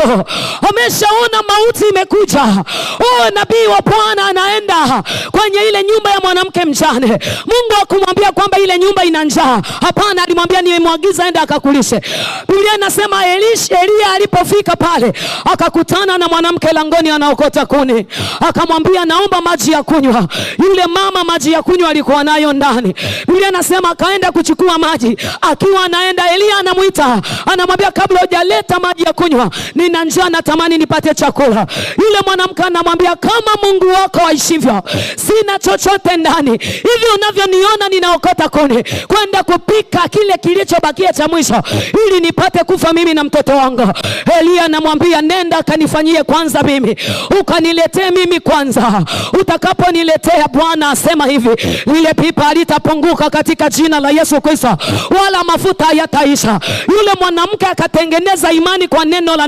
hivyo, ameshaona mauti imekuja. huyo nabii wa Bwana anaenda kwenye ile nyumba ya mwanamke mjane. Mungu akumwambia kwamba ile nyumba ina njaa? Hapana, alimwambia nimemwagiza aende akakulishe. Biblia inasema Elia alipofika pale akakutana na mwanamke langoni anaokota kuni, akamwambia naomba maji ya kunywa. Yule mama maji ya kunywa alikuwa nayo ndani. Biblia inasema akaenda kuchukua maji. Akiwa anaenda, Elia anamwita anamwambia, kabla hujaleta maji ya kunywa ni mimi na njaa, natamani nipate chakula. Yule mwanamke anamwambia, kama Mungu wako aishivyo, sina chochote ndani. Hivi unavyoniona, ninaokota kuni kwenda kupika kile kilichobakia cha mwisho, ili nipate kufa mimi na mtoto wangu. Elia anamwambia, nenda kanifanyie kwanza mimi, ukaniletee mimi kwanza. Utakaponiletea, Bwana asema hivi, lile pipa halitapunguka katika jina la Yesu Kristo, wala mafuta yataisha. Yule mwanamke akatengeneza imani kwa neno la